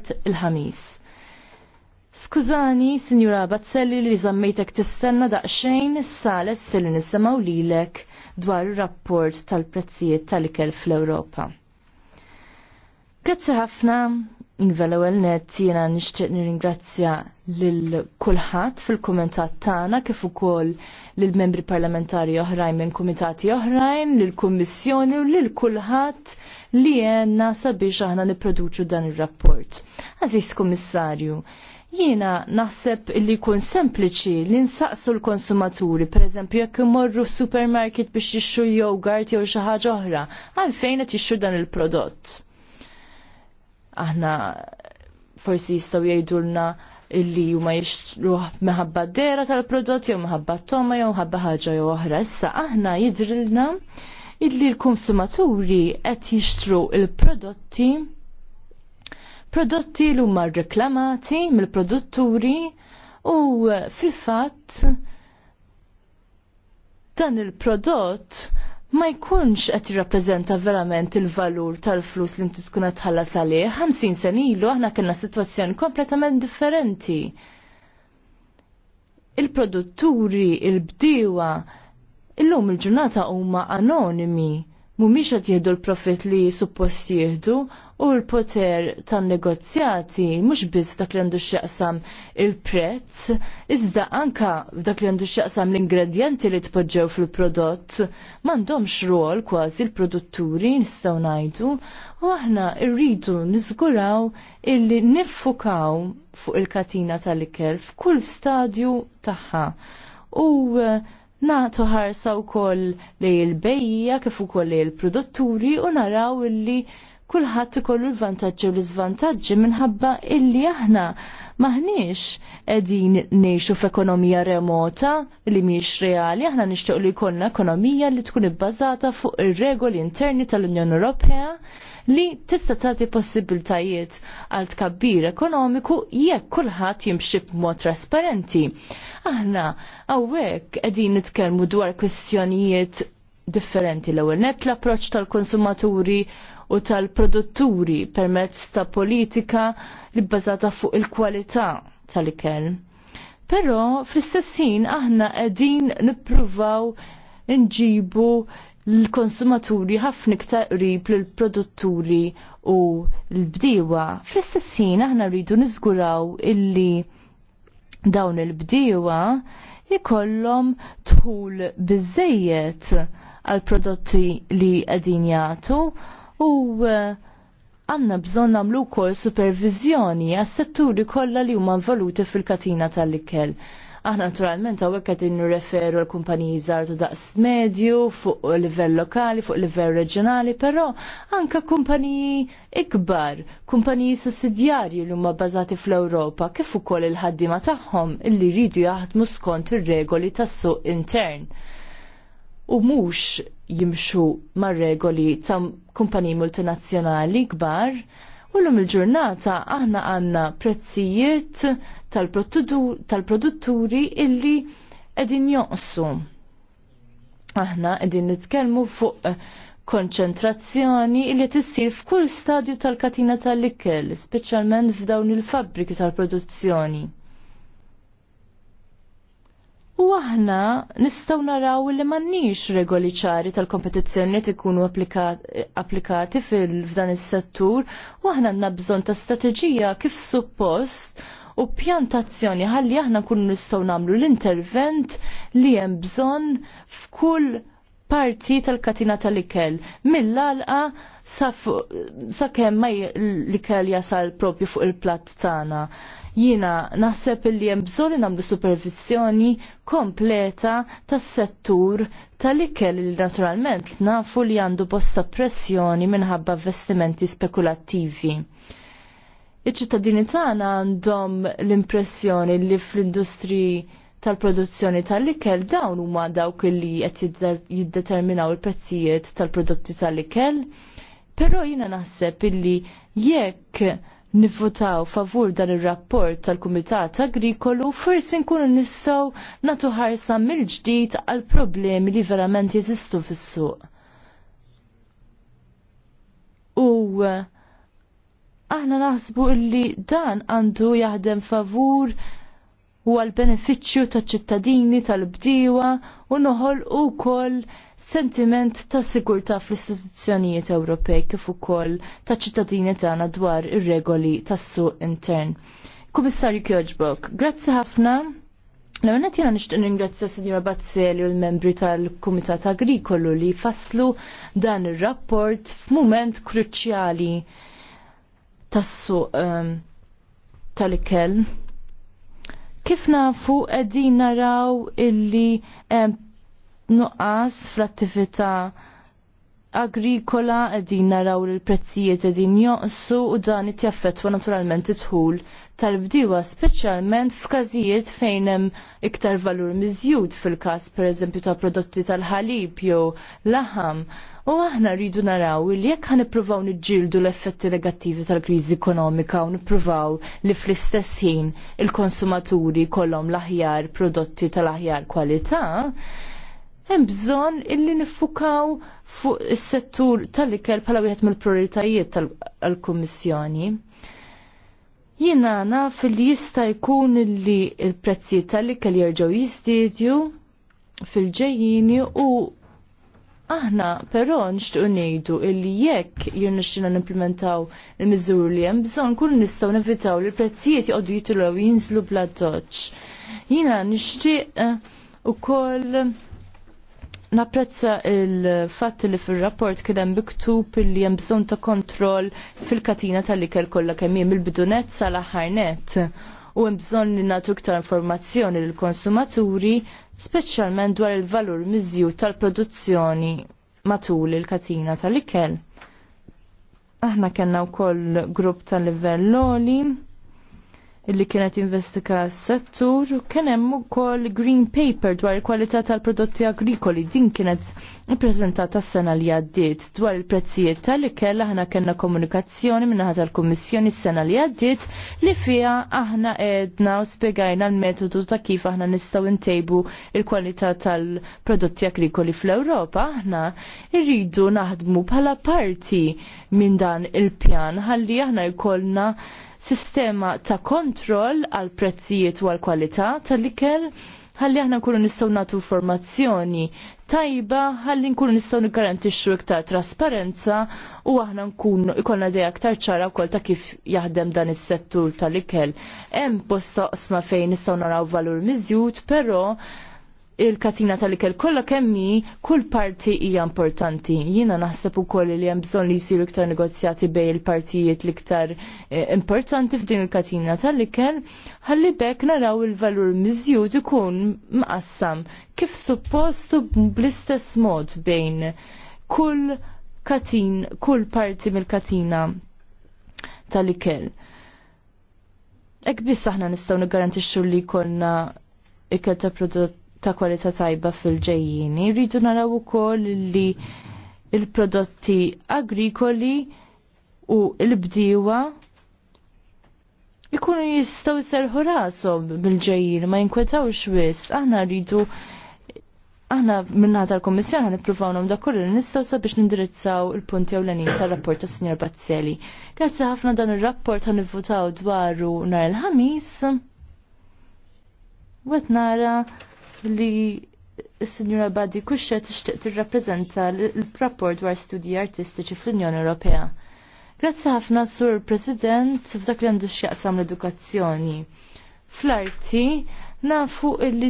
sport il-ħamis. Skużani, Sinjura Bazzelli, li zammejtek tistenna daqxejn s-sales li nisimaw lilek dwar il-rapport tal-prezzijiet tal-ikel fl-Europa. Grazzi ħafna, Iva l net jena jiena nixtieq nirringrazzja l kulħadd fil-kumentat tagħna kif ukoll l membri parlamentari oħrajn minn kumitati oħrajn, l kummissjoni u lil kulħadd li għenna sabiex aħna nipproduċu dan ir-rapport. Aziz Kummissarju, jiena naħseb li kun sempliċi li nsaqsu l-konsumaturi, per eżempju, jekk imorru supermarket biex jixxu jogurt jew xi ħaġa oħra, għalfejn qed jixxu dan il-prodott aħna forsi jistgħu jgħidulna illi huma jixtruh meħabba dera tal-prodott jew meħabba toma jew ħabba ħaġa jew oħra. Issa aħna jidrilna illi l-konsumaturi qed jixtru il-prodotti prodotti l huma reklamati mill-produtturi u fil-fatt dan il-prodott ma jkunx qed jirrappreżenta verament il-valur tal-flus li inti tkun qed tħallas għalih. 50 sen ilu aħna kellna sitwazzjoni kompletament differenti. Il-produtturi, il-bdiewa, illum il-ġurnata huma anonimi mumiex qed jieħdu l-profit li suppost jieħdu u l-poter tan-negozjati mhux biss dak li għandu x'jaqsam il-prezz, iżda anka f'dak li għandu x'jaqsam l-ingredjenti li tpoġġew fil-prodott m'għandhomx xruol kważi l-produtturi nistgħu ngħidu u aħna rridu niżguraw illi niffukaw fuq il-katina tal-ikel f'kull stadju tagħha. U eh, nagħtu ħarsa wkoll li l-bejja kif ukoll li l-produtturi u naraw illi kulħadd ikollu l-vantaġġi u l-iżvantaġġi minħabba illi aħna maħniex qegħdin ngħixu f'ekonomija remota li mhix reali, aħna nixtieq li jkollna ekonomija li tkun ibbażata fuq ir-regoli interni tal-Unjoni Ewropea li tista' tagħti possibiltajiet għal tkabbir ekonomiku jekk kulħadd jimxi b'mod trasparenti. Aħna hawnhekk qegħdin nitkellmu dwar kwistjonijiet differenti l-ewwel net l-approċċ tal-konsumaturi u tal-produtturi permezz ta' politika li bbażata fuq il-kwalità tal-ikel. Però fl-istessin aħna qegħdin nippruvaw nġibu l-konsumaturi ħafna iktar qrib l-produtturi u l-bdiewa. fl istessin aħna rridu niżguraw illi dawn il-bdiewa ikollhom tħul biżejjed għal prodotti li qegħdin jagħtu u eh, għanna bżon namlu kol supervizjoni għas setturi kolla li huma valuti fil-katina tal-ikel. Aħna naturalment għawek għed referu l-kumpaniji żgħar daqs medju fuq livell lokali, fuq livell reġjonali, però anka kumpaniji ikbar, kumpaniji sussidjarji li huma bbażati fl-Ewropa kif ukoll il-ħaddiema tagħhom illi jridu jaħdmu skont ir-regoli tas-suq intern u mhux jimxu mar-regoli ta' kumpaniji multinazzjonali kbar Ullum il-ġurnata aħna għanna prezzijiet tal-produtturi illi edin joqsu. Aħna edin nitkelmu fuq eh, konċentrazzjoni illi tissir f'kull stadju tal-katina tal-ikel, speċjalment f'dawn il-fabbriki tal-produzzjoni. U aħna nistaw naraw li mannix regoli ċari tal-kompetizzjoni t ikunu applikati fil-fdan is-settur u aħna għandna bżonn ta' strateġija kif suppost u pjantazzjoni ħalli aħna nkunu nistgħu nagħmlu l-intervent li hemm bżonn f'kull parti tal-katina tal-ikel mill-alqa sa' kem ma l kell jasal propju fuq il-platt tagħna. Jiena naħseb li hemm bżonn nagħmlu supervizjoni kompleta tas-settur tal-ikel li naturalment nafu li għandu bosta pressjoni minħabba vestimenti spekulattivi iċ-ċittadini tagħna għandhom l-impressjoni li fl-industri tal-produzzjoni tal-ikel dawn huma dawk li qed jiddeterminaw il-prezzijiet tal-prodotti tal-ikel. tal prodotti tal tal prodotti tal ikel Però jina naħseb illi jekk nifutaw favur dan ir-rapport tal-Kumitat Agrikolu forsi nkunu nistgħu nagħtu ħarsa mill-ġdid għal problemi li verament jeżistu fis-suq. U eh, aħna naħsbu illi dan għandu jaħdem favur u għal beneficju ta' ċittadini tal bdiwa u noħol u kol sentiment ta' sigurta fl-istituzzjonijiet Ewropej kif ukoll ta' ċittadini tagħna dwar ir-regoli tas-suq intern. Kumissarju Kjoġbok, grazzi ħafna. l għanet jena nishtin ringrazzja Signora Bazzeli u l-membri tal-Kumitat Agrikolu li faslu dan il-rapport f'mument kruċjali tas-suq um, tal-ikel Kif nafu qegħdin naraw illi nuqqas fl-attività agrikola qegħdin naraw li prezzijiet qegħdin joqsu u dan it naturalment naturalment idħul tal bdiwa speċjalment f'każijiet fejn hemm iktar valur miżjud fil-każ pereżempju ta' prodotti tal-ħalib jew laħam. U aħna rridu naraw li jekk ħan nippruvaw niġġieldu l-effetti negattivi tal-kriżi ekonomika u nippruvaw li fl-istess ħin il-konsumaturi kollhom l-aħjar prodotti tal-aħjar kwalità, hemm bżonn illi niffukaw fuq is-settur tal-ikel bħala wieħed mill-prioritajiet tal-Kummissjoni. Jiena naf li jista' jkun li l-prezzijiet tal-ikel jerġgħu jistidju fil-ġejjini u aħna però nixtiequ ngħidu li jekk jirnexxina nimplementaw il-miżuri li hemm bżonn kun nistgħu nevitaw li l-prezzijiet joqgħdu jitilgħu jinżlu bla toċċ. Jiena nixtieq eh, ukoll Napprezza il-fatt li fil-rapport kien hemm miktub li hemm bżonn ta' kontroll fil-katina tal-ikel kollha kemm hemm il-bidunet sal-aħħar net u hemm bżonn li nagħtu iktar informazzjoni lill konsumaturi speċjalment dwar il-valur miżjud tal-produzzjoni matul il-katina tal-ikel. Aħna kellna wkoll grupp tal-livell loli illi kienet investika s-settur, kien hemm ukoll Green Paper dwar il-kwalità tal-prodotti agrikoli din kienet ippreżentata s-sena li għaddiet dwar il-prezzijiet tal-ikel aħna kellna komunikazzjoni minnaħa tal-Kummissjoni s-sena li għaddiet li fiha aħna edna u spiegajna l-metodu ta' kif aħna nistgħu ntejbu il-kwalità tal-prodotti agrikoli fl-Ewropa. Aħna irridu naħdmu bħala parti minn dan il-pjan ħalli aħna jkollna sistema ta' kontroll għal prezzijiet u għal kwalità tal-ikel ħalli aħna nkunu nistgħu nagħtu informazzjoni tajba ħalli nkunu nistgħu nikkarantixxu iktar trasparenza u aħna nkunu jkollna dejja aktar ċara wkoll ta' kif jaħdem dan is-settur tal-ikel. Hemm bosta qosma fejn nistgħu naraw valur miżjud, però il-katina tal-ikel kollha kemmi kull parti hija importanti. Jiena naħseb ukoll li hemm bżonn li jsiru iktar negozjati bej il-partijiet l-iktar eh, importanti f'din il-katina tal-ikel ħalli bekk naraw il-valur miżjud ikun mqassam kif suppostu bl-istess mod bejn kull katin, kull parti mill-katina tal-ikel. Ek biss aħna nistgħu niggarantixxu li jkollna ikel ta' prodott ta' kwalità tajba fil-ġejjini. Rridu naraw ukoll li il-prodotti agrikoli u l bdiwa ikunu jistaw serħu rasom bil-ġejjin, ma jinkwetawx wis, aħna rridu aħna minna tal-Kommissjoni għan ipruvaw nom da kollu nistgħu sabiex nindirizzaw il-punti ewlenin tar-rapport tas Sinjor Bazzeli. Grazzi ħafna dan ir-rapport għan nivvutaw dwaru nhar il-ħamis. Wet nara li s-Sinjura Badi Kuxxa tixtieq tirrappreżenta l-rapport dwar studji artistiċi fl-Unjoni Ewropea. Grazzi ħafna Sur President f'dak li għandu x'jaqsam l-edukazzjoni. Fl-arti nafu illi